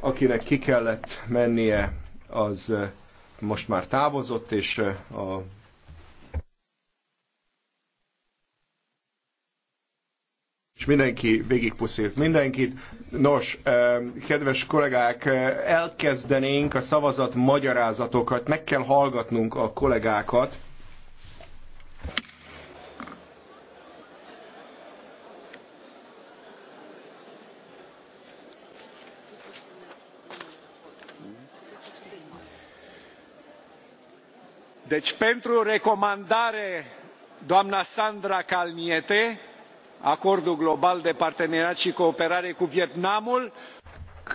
akinek ki kellett mennie, az most már távozott, és a és mindenki végigpuszít mindenkit. Nos, kedves kollégák, elkezdenénk a szavazat magyarázatokat, meg kell hallgatnunk a kollégákat, deci pentru recomandare doamna sandra kalniete acordul global de parteneriat și cooperare cu vietnamul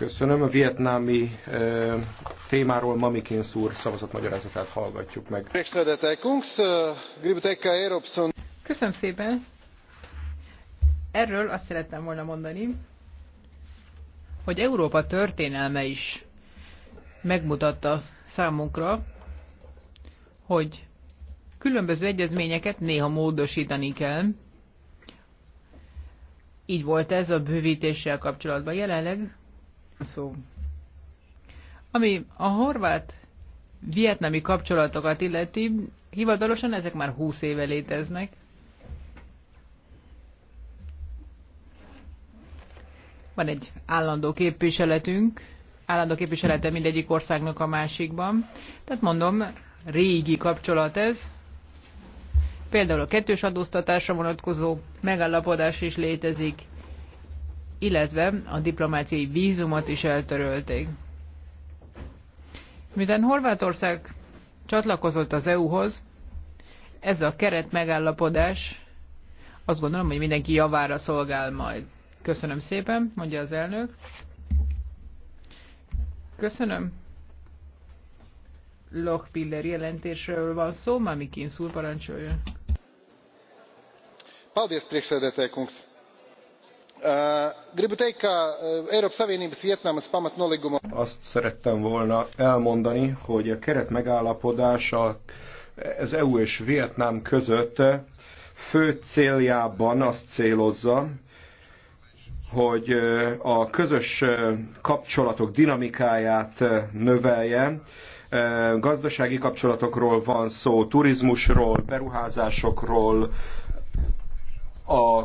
Köszönöm. A vietnámi ö, e, témáról Mamikins úr szavazatmagyarázatát hallgatjuk meg. Köszönöm szépen. Erről azt szerettem volna mondani, hogy Európa történelme is megmutatta számunkra, hogy különböző egyezményeket néha módosítani kell. Így volt ez a bővítéssel kapcsolatban. Jelenleg szó. Ami a horvát vietnami kapcsolatokat illeti, hivatalosan ezek már 20 éve léteznek. Van egy állandó képviseletünk, állandó képviselete mindegyik országnak a másikban. Tehát mondom, régi kapcsolat ez. Például a kettős adóztatásra vonatkozó megállapodás is létezik, illetve a diplomáciai vízumot is eltörölték. Miután Horvátország csatlakozott az EU-hoz, ez a keret megállapodás azt gondolom, hogy mindenki javára szolgál majd. Köszönöm szépen, mondja az elnök. Köszönöm. Lockpiller jelentésről van szó, Mami Kinszúr parancsoljon. Paldies, priekšsēdētāj kungs. Gribu teikt, ka Savienības Azt szerettem volna elmondani, hogy a keret megállapodása az EU és Vietnám között fő céljában azt célozza, hogy a közös kapcsolatok dinamikáját növelje, Gazdasági kapcsolatokról van szó, turizmusról, beruházásokról, a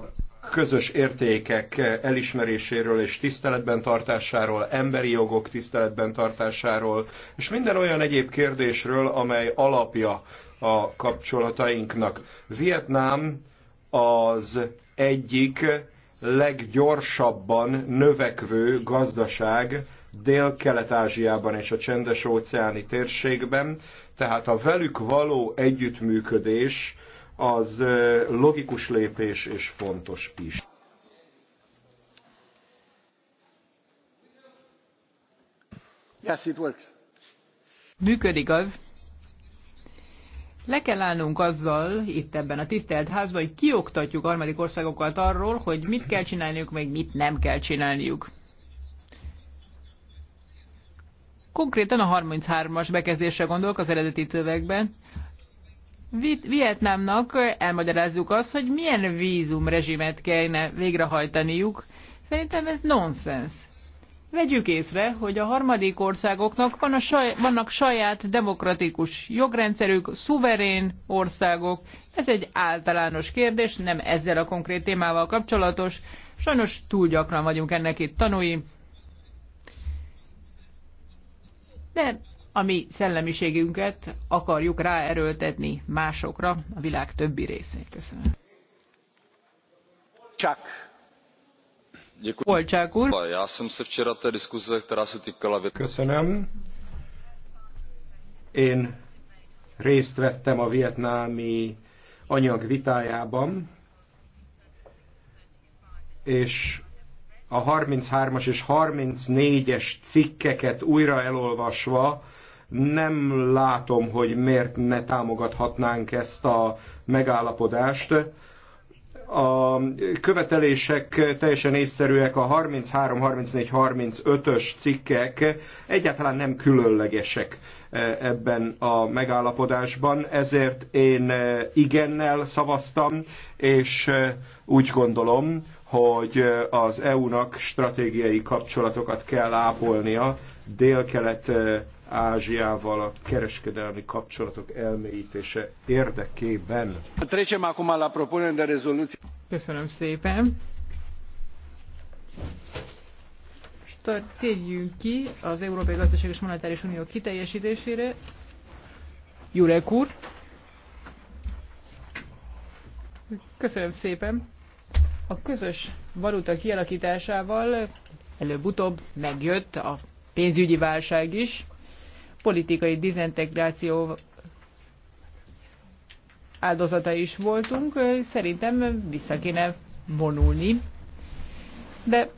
közös értékek elismeréséről és tiszteletben tartásáról, emberi jogok tiszteletben tartásáról, és minden olyan egyéb kérdésről, amely alapja a kapcsolatainknak. Vietnám az egyik leggyorsabban növekvő gazdaság Dél-Kelet-Ázsiában és a Csendes-óceáni térségben, tehát a velük való együttműködés az logikus lépés és fontos is. Yes, it works. Működik az. Le kell állnunk azzal, itt ebben a tisztelt házban, hogy kioktatjuk harmadik országokat arról, hogy mit kell csinálniuk, meg mit nem kell csinálniuk. Konkrétan a 33-as bekezdésre gondolok az eredeti tövegben. Vietnámnak elmagyarázzuk azt, hogy milyen vízumrezsimet kellene végrehajtaniuk. Szerintem ez nonsens. Vegyük észre, hogy a harmadik országoknak van a saj, vannak saját demokratikus jogrendszerük, szuverén országok. Ez egy általános kérdés, nem ezzel a konkrét témával kapcsolatos. Sajnos túl gyakran vagyunk ennek itt tanúi. de a mi szellemiségünket akarjuk ráerőltetni másokra, a világ többi részén. Köszönöm. Csak. Polcsák úr. Köszönöm. Én részt vettem a vietnámi anyag vitájában, és a 33-as és 34-es cikkeket újra elolvasva nem látom, hogy miért ne támogathatnánk ezt a megállapodást. A követelések teljesen észszerűek, a 33, 34, 35-ös cikkek egyáltalán nem különlegesek e, ebben a megállapodásban, ezért én e, igennel szavaztam, és e, úgy gondolom, hogy az EU-nak stratégiai kapcsolatokat kell ápolnia dél-kelet Ázsiával a kereskedelmi kapcsolatok elmélyítése érdekében. Köszönöm szépen. térjünk ki az Európai Gazdaság és Monetáris Unió kiteljesítésére. Jurek úr. Köszönöm szépen. A közös valuta kialakításával előbb-utóbb megjött a pénzügyi válság is, politikai dizintegráció áldozata is voltunk, szerintem vissza kéne vonulni. De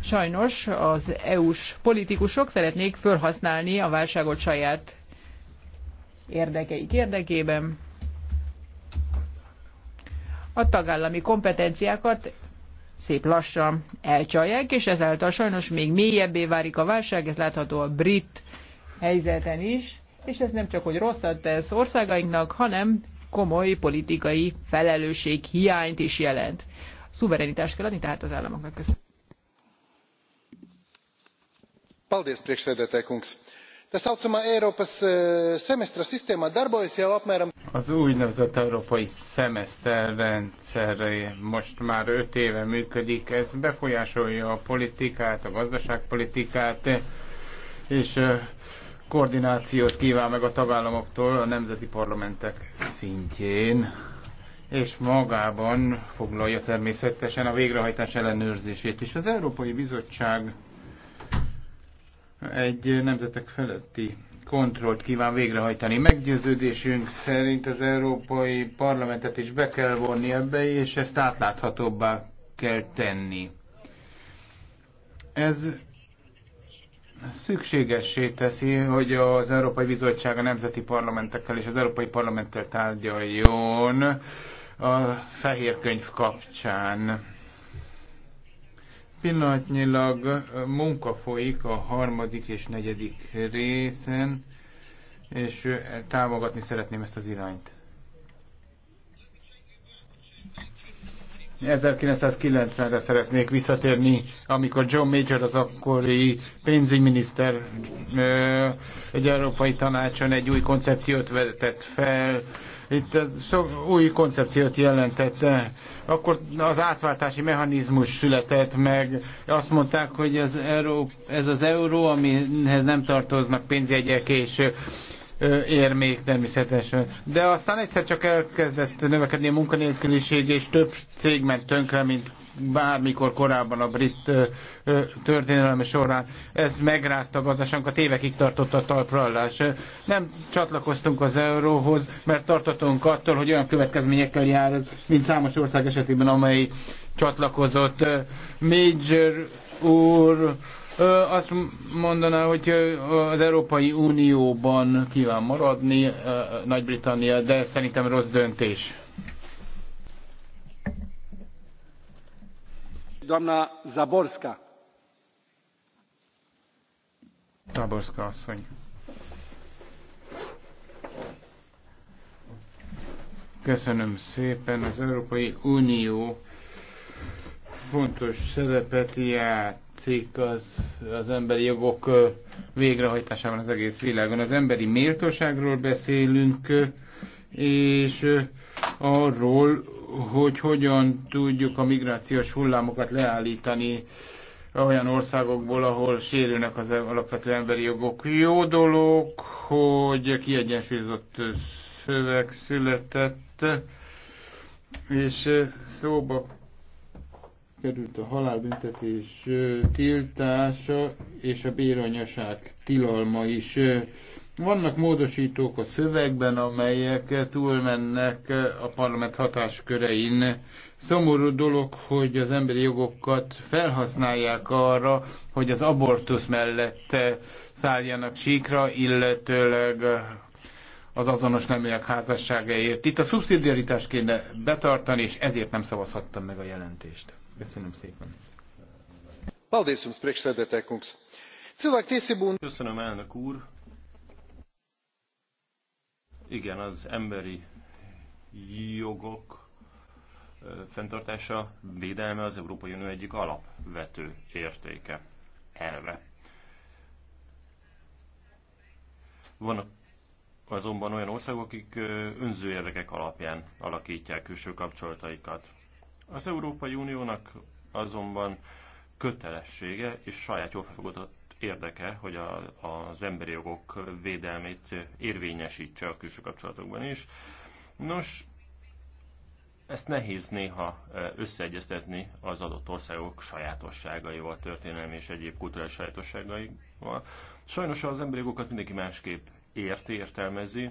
sajnos az EU-s politikusok szeretnék felhasználni a válságot saját érdekeik érdekében a tagállami kompetenciákat szép lassan elcsalják, és ezáltal sajnos még mélyebbé válik a válság, ez látható a brit helyzeten is, és ez nem csak, hogy rosszat tesz országainknak, hanem komoly politikai felelősség hiányt is jelent. Szuverenitást kell adni tehát az államoknak. Köszönöm. Paldies, priekšsēdētāj kungs! Tā saucamā Eiropas semestra sistēmā darbojas jau apmēram. Az úgynevezett európai szemeszter rendszer most már öt éve működik. Ez befolyásolja a politikát, a gazdaságpolitikát, és koordinációt kíván meg a tagállamoktól a nemzeti parlamentek szintjén, és magában foglalja természetesen a végrehajtás ellenőrzését is. Az Európai Bizottság egy nemzetek feletti kontrollt kíván végrehajtani. Meggyőződésünk szerint az Európai Parlamentet is be kell vonni ebbe, és ezt átláthatóbbá kell tenni. Ez szükségessé teszi, hogy az Európai Bizottság a nemzeti parlamentekkel és az Európai Parlamenttel tárgyaljon a fehér könyv kapcsán Pillanatnyilag munka folyik a harmadik és negyedik részen, és támogatni szeretném ezt az irányt. 1990-re szeretnék visszatérni, amikor John Major, az akkori pénzügyminiszter egy európai tanácson egy új koncepciót vetett fel, itt sok új koncepciót jelentette. Akkor az átváltási mechanizmus született meg. Azt mondták, hogy az euró, ez az euró, amihez nem tartoznak pénzjegyek és ér még természetesen. De aztán egyszer csak elkezdett növekedni a munkanélküliség, és több cég ment tönkre, mint bármikor korábban a brit történelem során. Ez megrázta a gazdaságunkat, évekig tartott a talprallás. Nem csatlakoztunk az euróhoz, mert tartottunk attól, hogy olyan következményekkel jár ez, mint számos ország esetében, amely csatlakozott. Major úr azt mondaná, hogy az Európai Unióban kíván maradni Nagy-Britannia, de szerintem rossz döntés. Doamna Zaborska. Zaborska asszony. Köszönöm szépen. Az Európai Unió fontos szerepet ját cikk az, az emberi jogok végrehajtásában az egész világon. Az emberi méltóságról beszélünk, és arról, hogy hogyan tudjuk a migrációs hullámokat leállítani olyan országokból, ahol sérülnek az alapvető emberi jogok. Jó dolog, hogy kiegyensúlyozott szöveg született, és szóba került a halálbüntetés tiltása és a béranyaság tilalma is. Vannak módosítók a szövegben, amelyek túlmennek a parlament hatáskörein. Szomorú dolog, hogy az emberi jogokat felhasználják arra, hogy az abortusz mellett szálljanak síkra, illetőleg az azonos neműek házasságáért. Itt a szubszidiaritást kéne betartani, és ezért nem szavazhattam meg a jelentést. Köszönöm szépen. Köszönöm, elnök úr. Igen, az emberi jogok fenntartása, védelme az Európai Unió egyik alapvető értéke, elve. Vannak azonban olyan országok, akik önző érdekek alapján alakítják külső kapcsolataikat. Az Európai Uniónak azonban kötelessége és saját jól érdeke, hogy a, az emberi jogok védelmét érvényesítse a külső kapcsolatokban is. Nos, ezt nehéz néha e, összeegyeztetni az adott országok sajátosságaival, történelmi és egyéb kulturális sajátosságaival. Sajnos az emberi jogokat mindenki másképp érti, értelmezi,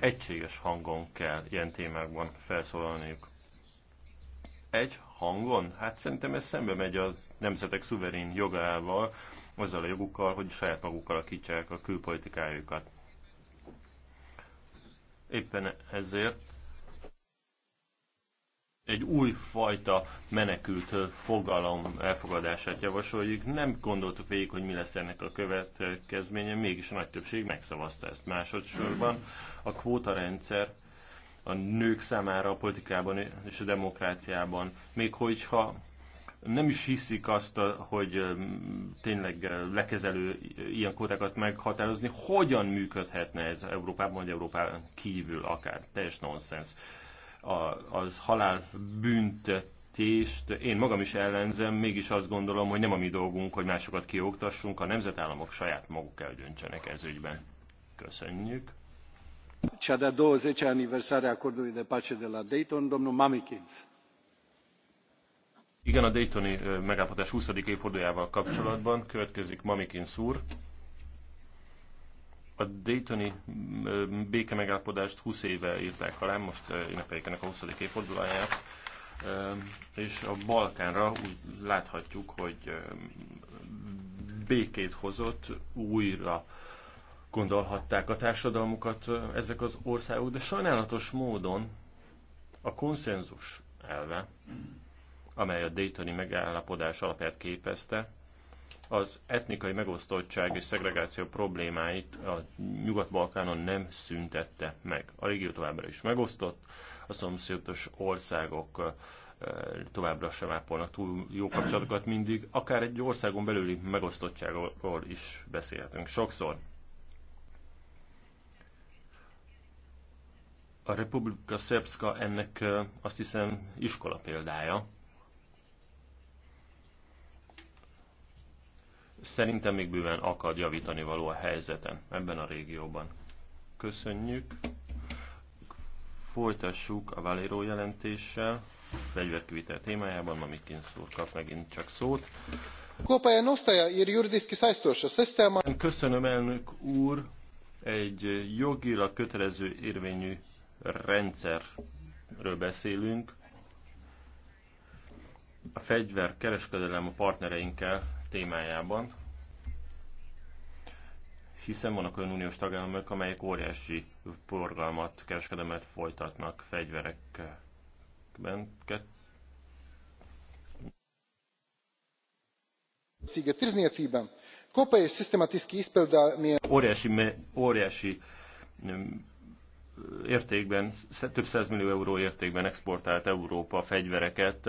egységes hangon kell ilyen témákban felszólalniuk. Egy hangon? Hát szerintem ez szembe megy a nemzetek szuverén jogával, azzal a jogukkal, hogy saját magukkal alakítsák a külpolitikájukat. Éppen ezért egy új fajta menekült fogalom elfogadását javasoljuk. Nem gondoltuk végig, hogy mi lesz ennek a következménye, mégis a nagy többség megszavazta ezt másodszorban. A kvótarendszer a nők számára a politikában és a demokráciában, még hogyha nem is hiszik azt, hogy tényleg lekezelő ilyen kótákat meghatározni, hogyan működhetne ez Európában vagy Európán kívül akár. Teljes nonsens az halál büntetést én magam is ellenzem, mégis azt gondolom, hogy nem a mi dolgunk, hogy másokat kioktassunk, a nemzetállamok saját maguk eldöntsenek ez ügyben. Köszönjük. Cea de-a 20 aniversare a acordului de pace de la Dayton, domnul Mamikins. Igen, a Daytoni megállapodás 20. évfordulójával kapcsolatban következik Mamikins úr a Daytoni béke megállapodást 20 éve írták alá, most ünnepeljük ennek a 20. évfordulóját, és a Balkánra úgy láthatjuk, hogy békét hozott, újra gondolhatták a társadalmukat ezek az országok, de sajnálatos módon a konszenzus elve, amely a Daytoni megállapodás alapját képezte, az etnikai megosztottság és szegregáció problémáit a Nyugat-Balkánon nem szüntette meg. A régió továbbra is megosztott, a szomszédos országok továbbra sem ápolnak túl jó kapcsolatokat mindig, akár egy országon belüli megosztottságról is beszélhetünk sokszor. A Republika Szerbszka ennek azt hiszem iskola példája. Szerintem még bőven akad javítani való a helyzeten ebben a régióban. Köszönjük. Folytassuk a Valero jelentéssel. Fegyverkivitel témájában, Mikinsz úr kap megint csak szót. Köszönöm, elnök úr. Egy jogilag kötelező érvényű rendszerről beszélünk. A fegyver a partnereinkkel témájában, hiszen vannak olyan uniós tagállamok, amelyek óriási forgalmat, kereskedelmet folytatnak fegyverekben. Óriási, óriási értékben, több százmillió euró értékben exportált Európa fegyvereket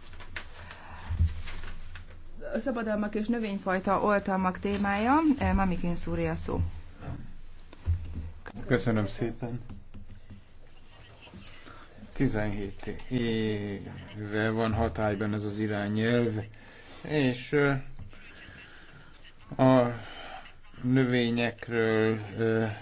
szabadalmak és növényfajta oltalmak témája. Eh, Mamikin Szúria szó. Köszönöm szépen. 17 éve van hatályban ez az irányelv, és eh, a növényekről, eh,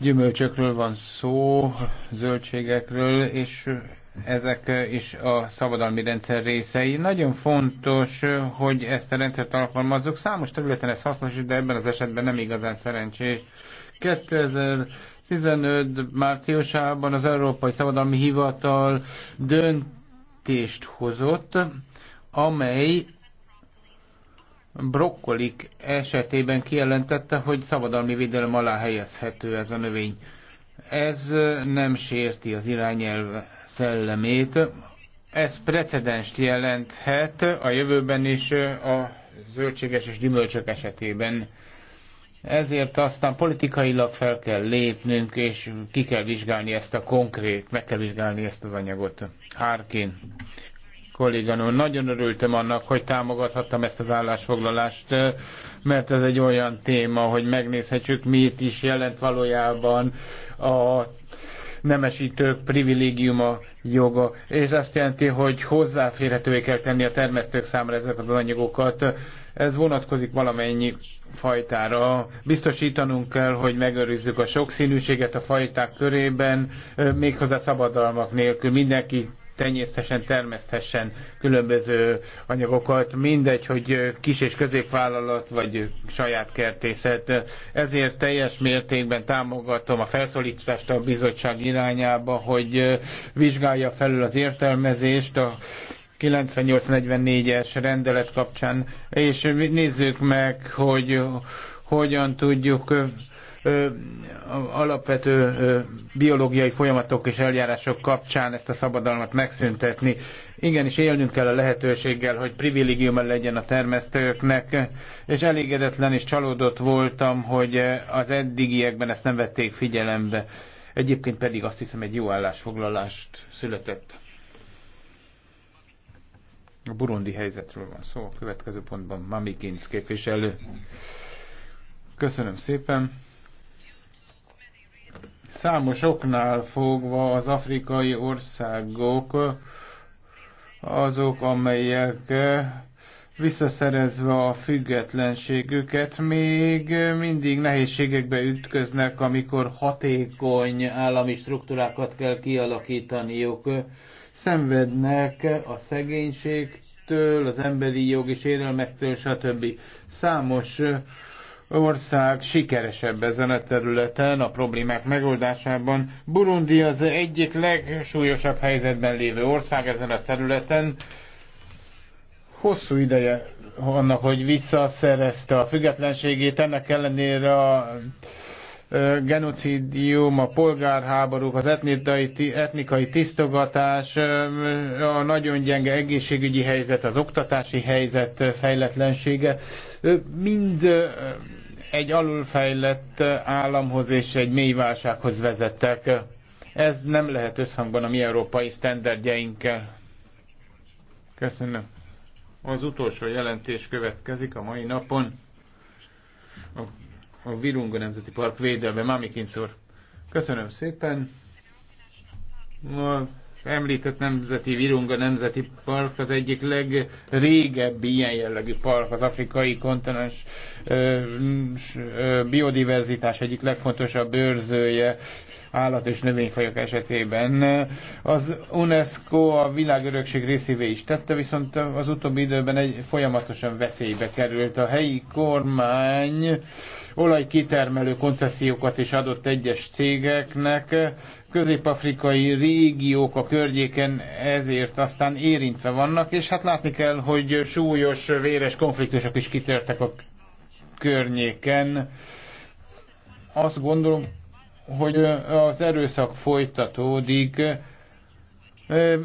gyümölcsökről van szó, zöldségekről, és ezek is a szabadalmi rendszer részei. Nagyon fontos, hogy ezt a rendszert alkalmazzuk. Számos területen ez hasznos, de ebben az esetben nem igazán szerencsés. 2015 márciusában az Európai Szabadalmi Hivatal döntést hozott, amely brokkolik esetében kijelentette, hogy szabadalmi védelem alá helyezhető ez a növény. Ez nem sérti az irányelvet szellemét. Ez precedenst jelenthet a jövőben is a zöldséges és gyümölcsök esetében. Ezért aztán politikailag fel kell lépnünk, és ki kell vizsgálni ezt a konkrét, meg kell vizsgálni ezt az anyagot. Hárkin, kolléganő, nagyon örültem annak, hogy támogathattam ezt az állásfoglalást, mert ez egy olyan téma, hogy megnézhetjük, mit is jelent valójában a nemesítők privilégiuma joga, és azt jelenti, hogy hozzáférhetővé kell tenni a termesztők számára ezeket az anyagokat. Ez vonatkozik valamennyi fajtára. Biztosítanunk kell, hogy megőrizzük a sokszínűséget a fajták körében, méghozzá szabadalmak nélkül mindenki tenyészthessen, termeszthessen különböző anyagokat, mindegy, hogy kis és középvállalat vagy saját kertészet. Ezért teljes mértékben támogatom a felszólítást a bizottság irányába, hogy vizsgálja felül az értelmezést, a 9844-es rendelet kapcsán, és nézzük meg, hogy hogyan tudjuk alapvető biológiai folyamatok és eljárások kapcsán ezt a szabadalmat megszüntetni. Igenis élnünk kell a lehetőséggel, hogy privilégium legyen a termesztőknek, és elégedetlen és csalódott voltam, hogy az eddigiekben ezt nem vették figyelembe. Egyébként pedig azt hiszem egy jó állásfoglalást született. A burundi helyzetről van szó. A következő pontban Mamikins képviselő. Köszönöm szépen. Számos oknál fogva az afrikai országok azok, amelyek visszaszerezve a függetlenségüket, még mindig nehézségekbe ütköznek, amikor hatékony állami struktúrákat kell kialakítaniuk. Szenvednek a szegénységtől, az emberi jogi sérelmektől, stb. Számos ország sikeresebb ezen a területen, a problémák megoldásában. Burundi az egyik legsúlyosabb helyzetben lévő ország ezen a területen. Hosszú ideje annak, hogy visszaszerezte a függetlenségét, ennek ellenére a genocidium, a polgárháborúk, az etnikai, etnikai tisztogatás, a nagyon gyenge egészségügyi helyzet, az oktatási helyzet fejletlensége mind egy alulfejlett államhoz és egy mély válsághoz vezettek. Ez nem lehet összhangban a mi európai sztenderdjeinkkel. Köszönöm. Az utolsó jelentés következik a mai napon. A, a Virunga Nemzeti Park védelme. Mami Kinszor. Köszönöm szépen. A említett nemzeti Virunga Nemzeti Park az egyik legrégebbi ilyen jellegű park az afrikai kontinens biodiverzitás egyik legfontosabb őrzője állat és növényfajok esetében. Az UNESCO a világörökség részévé is tette, viszont az utóbbi időben egy folyamatosan veszélybe került. A helyi kormány olajkitermelő koncesziókat is adott egyes cégeknek. Közép-afrikai régiók a környéken ezért aztán érintve vannak, és hát látni kell, hogy súlyos, véres konfliktusok is kitörtek a környéken. Azt gondolom, hogy az erőszak folytatódik,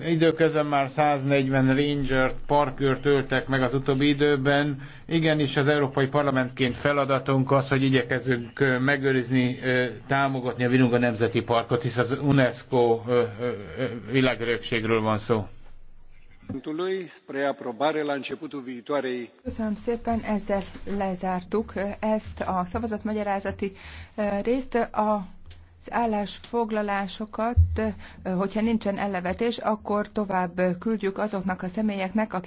Időközben már 140 rangert, parkőrt öltek meg az utóbbi időben. Igenis az Európai Parlamentként feladatunk az, hogy igyekezzünk megőrizni, támogatni a Virunga Nemzeti Parkot, hisz az UNESCO világörökségről van szó. Köszönöm szépen, ezzel lezártuk ezt a szavazatmagyarázati részt. A az állásfoglalásokat, hogyha nincsen ellevetés, akkor tovább küldjük azoknak a személyeknek, akik